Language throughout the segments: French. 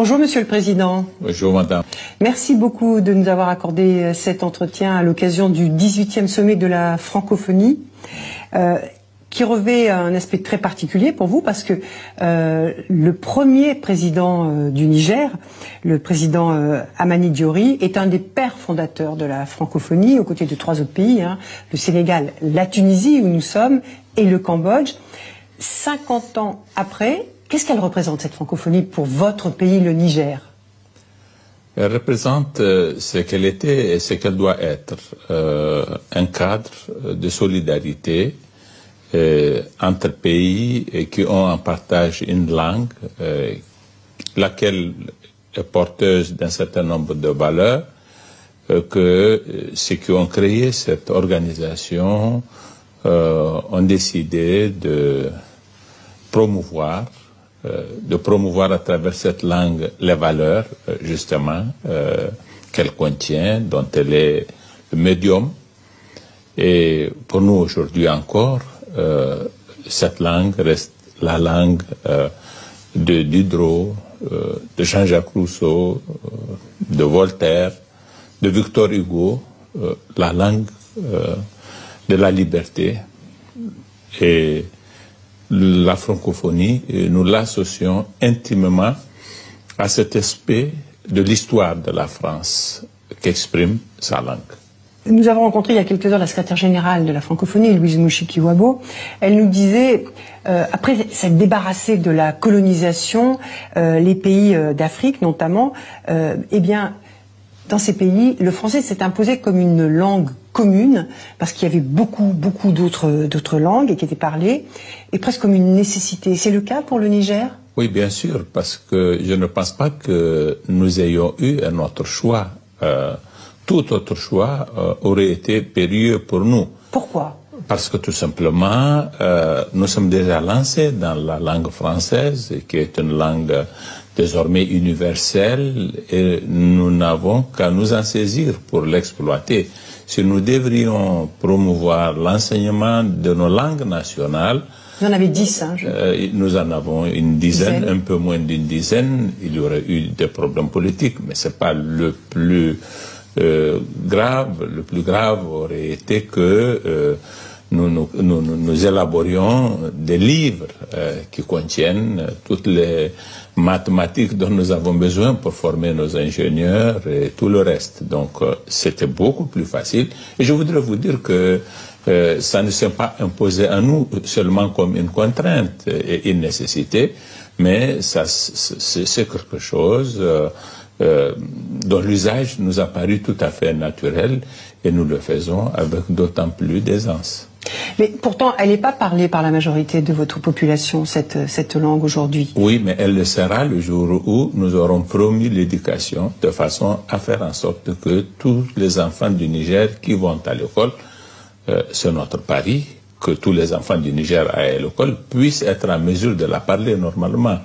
Bonjour Monsieur le Président. Bonjour Madame. Merci beaucoup de nous avoir accordé euh, cet entretien à l'occasion du 18e sommet de la francophonie. Euh, qui revêt un aspect très particulier pour vous parce que euh, le premier président du Niger, le président Amani Diori, est un des pères fondateurs de la francophonie aux côtés de trois autres pays, hein, le Sénégal, la Tunisie où nous sommes et le Cambodge. 50 ans après, Qu'est-ce qu'elle représente, cette francophonie, pour votre pays, le Niger Elle représente euh, ce qu'elle était et ce qu'elle doit être. Euh, un cadre euh, de solidarité entre pays et qui ont en partage une langue, laquelle est porteuse d'un certain nombre de valeurs, que ceux qui ont créé cette organisation ont décidé de promouvoir euh, de promouvoir à travers cette langue les valeurs, euh, justement, euh, qu'elle contient, dont elle est le médium. Et pour nous aujourd'hui encore, cette langue reste la langue de Diderot, de Jean-Jacques Rousseau, de Voltaire, de Victor Hugo, la langue de la liberté. Et la francophonie, nous l'associons intimement à cet aspect de l'histoire de la France qu'exprime sa langue. Nous avons rencontré il y a quelques heures la secrétaire générale de la francophonie, Louise Mouchikiwabo. Elle nous disait, euh, après s'être débarrassée de la colonisation, euh, les pays euh, d'Afrique notamment, eh bien, dans ces pays, le français s'est imposé comme une langue commune, parce qu'il y avait beaucoup, beaucoup d'autres, langues qui étaient parlées, et presque comme une nécessité. C'est le cas pour le Niger Oui, bien sûr, parce que je ne pense pas que nous ayons eu un autre choix. Euh, tout autre choix euh, aurait été périlleux pour nous. Pourquoi parce que tout simplement, euh, nous sommes déjà lancés dans la langue française, qui est une langue désormais universel et nous n'avons qu'à nous en saisir pour l'exploiter. Si nous devrions promouvoir l'enseignement de nos langues nationales, vous en avez dix, hein, euh, Nous en avons une dizaine, un peu moins d'une dizaine. Il y aurait eu des problèmes politiques, mais ce n'est pas le plus euh, grave. Le plus grave aurait été que euh, nous, nous, élaborions des livres qui contiennent toutes les mathématiques dont nous avons besoin pour former nos ingénieurs et tout le reste. Donc euh, c'était beaucoup plus facile. Et je voudrais vous dire que euh, ça ne s'est pas imposé à nous seulement comme une contrainte et une nécessité, mais ça c'est quelque chose euh, euh, dont l'usage nous a paru tout à fait naturel et nous le faisons avec d'autant plus d'aisance. Mais pourtant, elle n'est pas parlée par la majorité de votre population, cette, cette langue aujourd'hui. Oui, mais elle le sera le jour où nous aurons promis l'éducation de façon à faire en sorte que tous les enfants du Niger qui vont à l'école, euh, c'est notre pari, que tous les enfants du Niger à l'école puissent être en mesure de la parler normalement.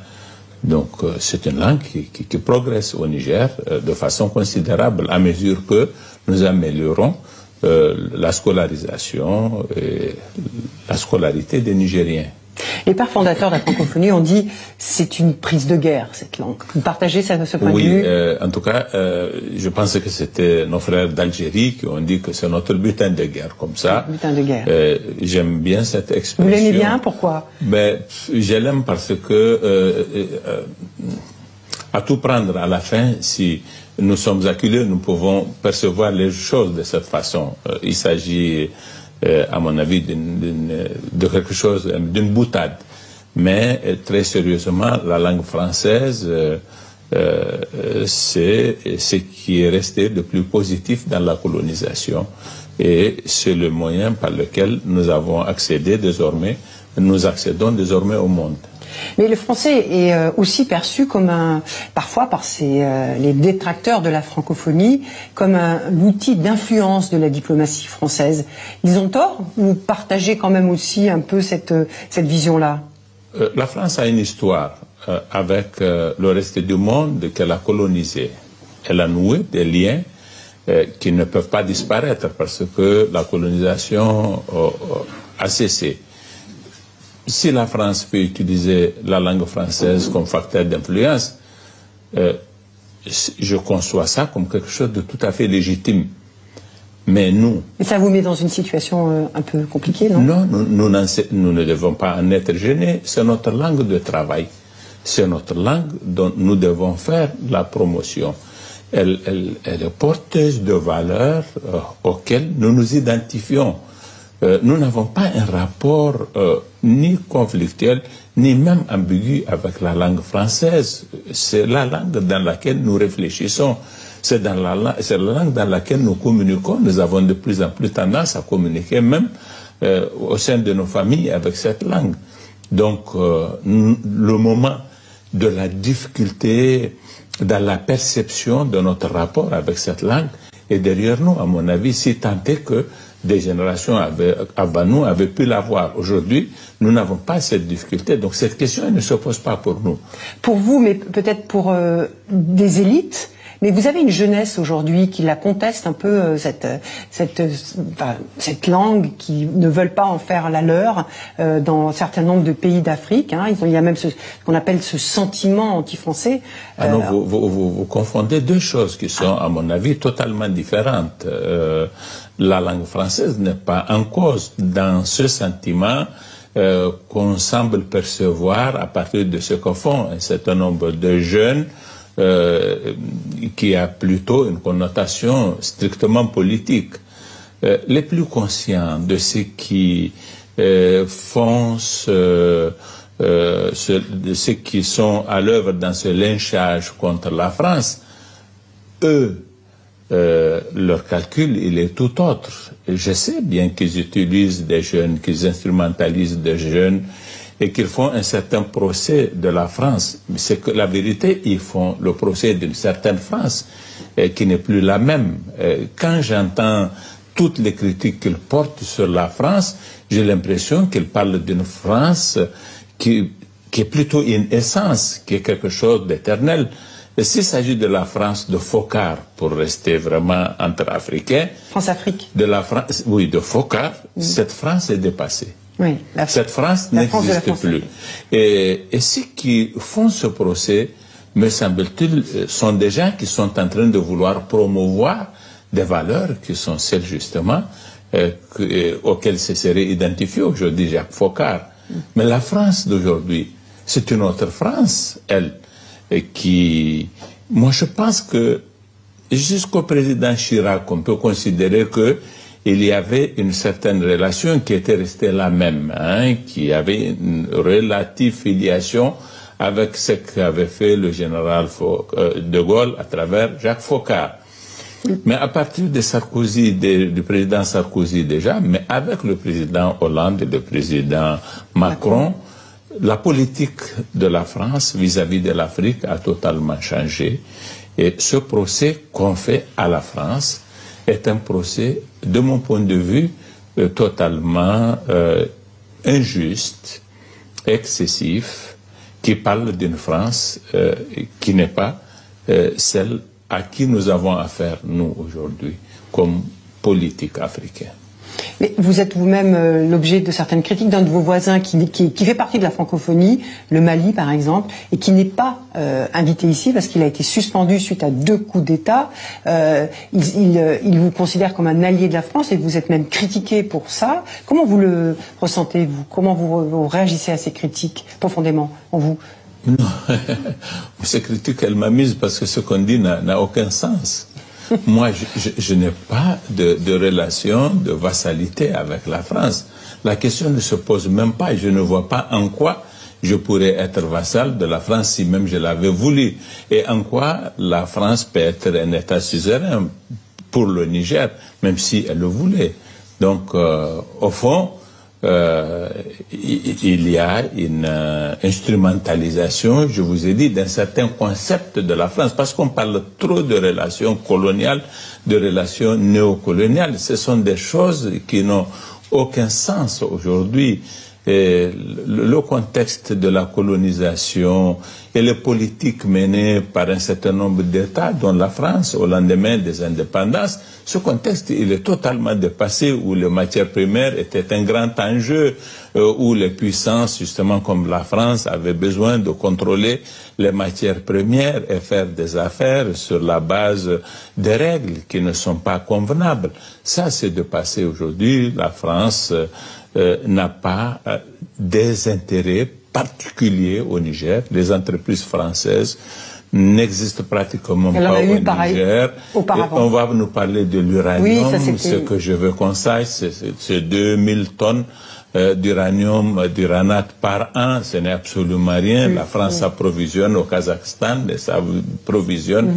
Donc euh, c'est une langue qui, qui, progresse au Niger euh, de façon considérable à mesure que nous améliorons euh, la scolarisation et la scolarité des Nigériens. Les pères fondateurs de la francophonie ont dit c'est une prise de guerre cette langue. Vous partagez ça ce point de vue Oui, euh, en tout cas, euh, je pense que c'était nos frères d'Algérie qui ont dit que c'est notre butin de guerre comme ça. Butin de guerre. j'aime bien cette expression. Vous l'aimez bien Pourquoi Mais ben, je l'aime parce que à tout prendre à la fin, si nous sommes acculés, nous pouvons percevoir les choses de cette façon. Euh, il s'agit, euh, à mon avis, euh, de quelque chose, d'une boutade. Mais très sérieusement, la langue française, c'est ce qui est resté le plus positif dans la colonisation. Et c'est le moyen par lequel nous avons accédé désormais, nous accédons désormais au monde. Mais le français est euh, aussi perçu comme un, parfois par euh, les détracteurs de la francophonie, comme un outil d'influence de la diplomatie française. Ils ont tort ou partagez quand même aussi un peu cette, euh, vision-là La France a une histoire avec le reste du monde qu'elle a colonisé. Elle a noué des liens qui ne peuvent pas disparaître parce que la colonisation a cessé si la France peut utiliser la langue française comme facteur d'influence, euh, je conçois ça comme quelque chose de tout à fait légitime. Mais nous... ça vous met dans une situation euh, un peu compliquée, non Non, nous, nous, ne devons pas en être gênés. C'est notre langue de travail. C'est notre langue dont nous devons faire la promotion. Elle, est porteuse de valeurs euh, auxquelles nous nous identifions. nous n'avons pas un rapport ni conflictuelle, ni même ambiguë avec la langue française. C'est la langue dans laquelle nous réfléchissons. C'est la, la, langue dans laquelle nous communiquons. Nous avons de plus en plus tendance à communiquer même euh, au sein de nos familles avec cette langue. Donc, euh, le moment de la difficulté dans la perception de notre rapport avec cette langue est derrière nous, à mon avis, si tant est que des générations avant nous avaient pu l'avoir. Aujourd'hui, nous n'avons pas cette difficulté. Donc cette question, ne se pose pas pour nous. Pour vous, mais peut-être pour euh, des élites mais vous avez une jeunesse aujourd'hui qui la conteste un peu, euh, cette, euh, cette, euh, cette langue, qui ne veulent pas en faire la leur dans un certain nombre de pays d'Afrique. Hein. Il y a même ce, qu'on appelle ce sentiment anti-français. Ah vous, vous, confondez deux choses qui sont, à mon avis, totalement différentes. la langue française n'est pas en cause dans ce sentiment qu'on semble percevoir à partir de ce que font un certain nombre de jeunes euh, qui a plutôt une connotation strictement politique. Euh, les plus conscients de ce qui euh, font de ceux qui sont à l'œuvre dans ce lynchage contre la France, eux, leur calcul, il est tout autre. Je sais bien qu'ils utilisent des jeunes, qu'ils instrumentalisent des jeunes, et qu'ils font un certain procès de la France. Mais c'est que la vérité, ils font le procès d'une certaine France euh, qui n'est plus la même. Euh, quand j'entends toutes les critiques qu'ils portent sur la France, j'ai l'impression qu'ils parlent d'une France qui, est plutôt une essence, qui est quelque chose d'éternel. S'il s'agit de la France de Focard, pour rester vraiment entre Africains... France-Afrique. De la France, oui, de Focard, cette France est dépassée. Cette France n'existe plus. Et, ceux qui font ce procès, me semble-t-il, euh, sont des gens qui sont en train de vouloir promouvoir des valeurs qui sont celles justement euh, euh, auxquelles se serait identifié aujourd'hui Jacques Faucard. Mm. Mais la France d'aujourd'hui, c'est une autre France, elle, qui... Moi, je pense que jusqu'au président Chirac, on peut considérer que il y avait une certaine relation qui était restée la même, hein, qui avait une relative filiation avec ce qu'avait fait le général euh, de Gaulle à travers Jacques Foccart. Mais à partir de Sarkozy, du président Sarkozy déjà, mais avec le président Hollande et le président Macron, la politique de la France vis à -vis de l'Afrique a totalement changé. Et ce procès qu'on fait à la France, est un procès, de mon point de vue, euh, totalement euh, injuste, excessif, qui parle d'une France euh, qui n'est pas celle à qui nous avons affaire, nous, aujourd'hui, comme politique africaine. Mais vous êtes vous-même euh, l'objet de certaines critiques d'un de vos voisins qui, fait partie de la francophonie, le Mali par exemple, et qui n'est pas euh, invité ici parce qu'il a été suspendu suite à deux coups d'État. Euh, il, vous considère comme un allié de la France et vous êtes même critiqué pour ça. Comment vous le ressentez vous Comment vous, vous réagissez à ces critiques profondément en vous non. Ces critiques, elles m'amusent parce que ce qu'on dit n'a aucun sens. Moi, je, n'ai pas de, relation de vassalité avec la France. La question ne se pose même pas je ne vois pas en quoi je pourrais être vassal de la France si même je l'avais voulu. Et en quoi la France peut être un État suzerain pour le Niger, même si elle le voulait. Donc, euh, au fond, euh, il y a une euh, instrumentalisation, je vous ai dit, d'un certain concept de la France, parce qu'on parle trop de relations coloniales, de relations néocoloniales. Ce sont des choses qui n'ont aucun sens aujourd'hui. le contexte de la colonisation et les politiques menées par un certain nombre d'États, dont la France, au lendemain des indépendances, ce contexte, il est totalement dépassé où les matières primaires étaient un grand enjeu, euh, où les puissances, justement comme la France, avaient besoin de contrôler les matières premières et faire des affaires sur la base des règles qui ne sont pas convenables. Ça, c'est dépassé aujourd'hui. La France euh, n'a pas euh, des intérêts particuliers au Niger. Les entreprises françaises n'existe pratiquement pas au Niger. on va nous parler de l'uranium. ce que je veux qu'on sache, c'est 2000 tonnes euh, d'uranium, euh, d'uranate par an, ce n'est absolument rien. La France s'approvisionne au Kazakhstan, s'approvisionne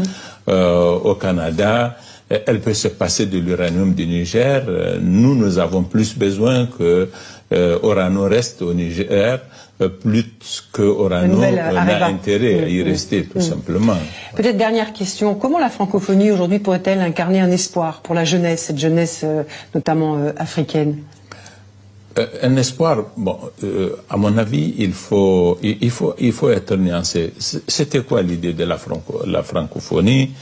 ça -hmm. au Canada. Elle peut se passer de l'uranium du Niger. Nous, nous avons plus besoin que Orano reste au Niger. Euh, plus que Orano a euh, intérêt à y mm, mm, rester, tout mm. simplement. Peut-être dernière question. Comment la francophonie aujourd'hui pourrait-elle incarner un espoir pour la jeunesse, cette jeunesse euh, notamment africaine un espoir, bon, à mon avis, il faut, il, faut, il faut être nuancé. C'était quoi l'idée de la francophonie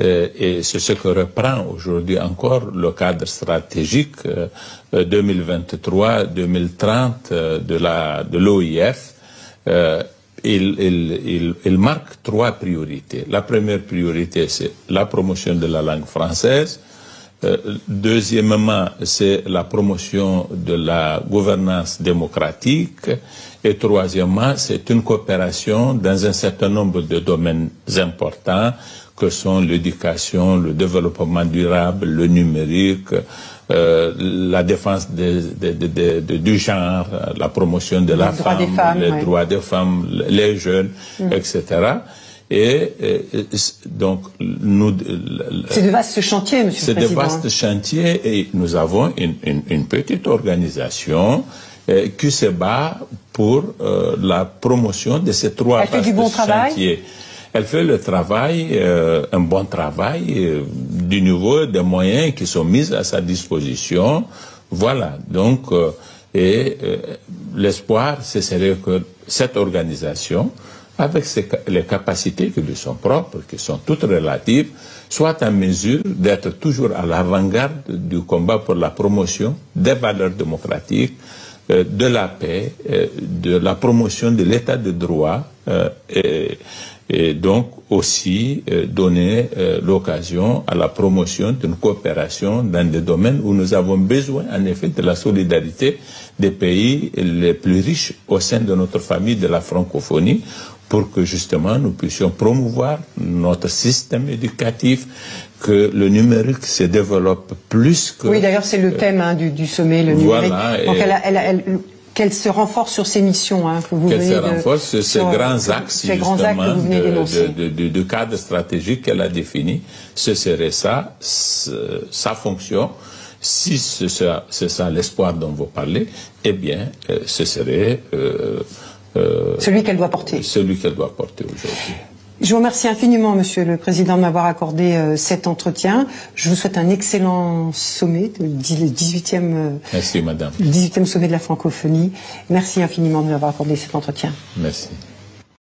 euh, et c'est ce que reprend aujourd'hui encore le cadre stratégique 2023-2030 euh, euh, de la de l'OIF. il, marque trois priorités. La première priorité, c'est la promotion de la langue française. Deuxièmement, c'est la promotion de la gouvernance démocratique. Et troisièmement, c'est une coopération dans un certain nombre de domaines importants que sont l'éducation, le développement durable, le numérique, euh, la défense des des de, du genre, la promotion de la femme, les droits des femmes, les jeunes, etc. Mm. Et, donc, nous... Euh, c'est de vastes chantiers, Monsieur le Président. C'est de vastes chantiers et nous avons une, une, petite organisation euh, qui se bat pour euh, la promotion de ces trois Elle du bon chantiers elle fait le travail, euh, un bon travail, euh, du nouveau, des moyens qui sont mis à sa disposition. Voilà, donc, euh, et l'espoir, c'est que cette organisation, avec les capacités qui lui sont propres, qui sont toutes relatives, soit en mesure d'être toujours à l'avant-garde du combat pour la promotion des valeurs démocratiques, de la paix, de la promotion de l'état de droit et et donc aussi euh, donner euh, l'occasion à la promotion d'une coopération dans des domaines où nous avons besoin en effet de la solidarité des pays les plus riches au sein de notre famille de la francophonie pour que justement nous puissions promouvoir notre système éducatif, que le numérique se développe plus que... Oui, d'ailleurs, c'est le thème hein, du, sommet, le numérique qu'elle se renforce sur ses missions hein, vous Qu'elle se renforce sur ses grands axes, de, cadre stratégique qu'elle a défini. Ce serait ça, sa fonction. Si c'est ça, l'espoir dont vous parlez, eh bien, euh, ce serait... Euh, euh, celui qu'elle doit porter. Celui qu'elle doit porter aujourd'hui. Je vous remercie infiniment, Monsieur le Président, de m'avoir accordé euh, cet entretien. Je vous souhaite un excellent sommet, le 18e, 18e euh, sommet de la francophonie. Merci infiniment de m'avoir accordé cet entretien. Merci.